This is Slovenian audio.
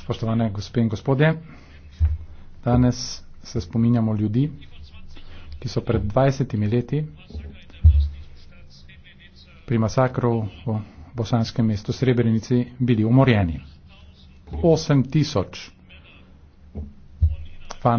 Spoštovane gospe in gospodje, danes se spominjamo ljudi, ki so pred 20 leti pri masakru v bosanskem mestu Srebrenici bili umorjeni. 8 tisoč